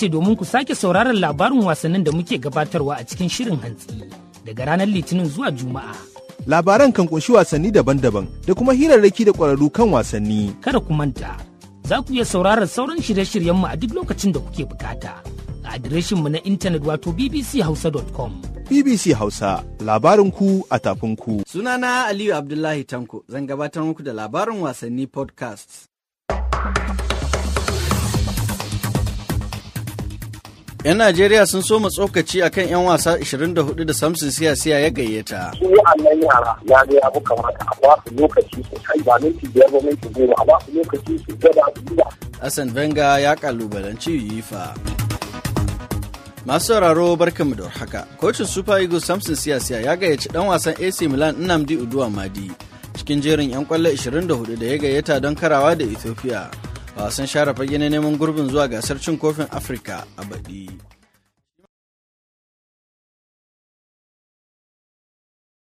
ce domin ku sake sauraron labarin wasannin da muke gabatarwa a cikin shirin hantsi daga ranar Litinin zuwa Juma'a. Labaran kan ƙunshi wasanni daban-daban da kuma hirarraki da ƙwararru kan wasanni. Kada ku manta, za ku iya sauraron sauran shirye-shiryenmu a duk lokacin da kuke bukata. A adireshinmu na intanet wato bbchausa.com. BBC Hausa, labarin ku a tafin ku. Sunana Aliyu Abdullahi Tanko, zan gabatar muku da labarin wasanni podcast. 'Yan Najeriya sun so tsokaci a kan 'yan wasa 24 da Samson Siyasiya ya gayyata. Su wa'annan yara ya ga abu kamata a ba su lokaci su kai ba minti biyar ba minti goma a ba su lokaci su gada su duba. Hassan Venga ya kalubalanci yifa. Masu sauraro mu da haka. Kocin Super Eagles Samson Siyasiya ya gayyaci dan wasan AC Milan Nnamdi Uduwa Madi cikin jerin 'yan kwallo 24 da ya gayyata don karawa da Ethiopia. wasan share fage ne neman gurbin zuwa gasar cin kofin afirka a baɗi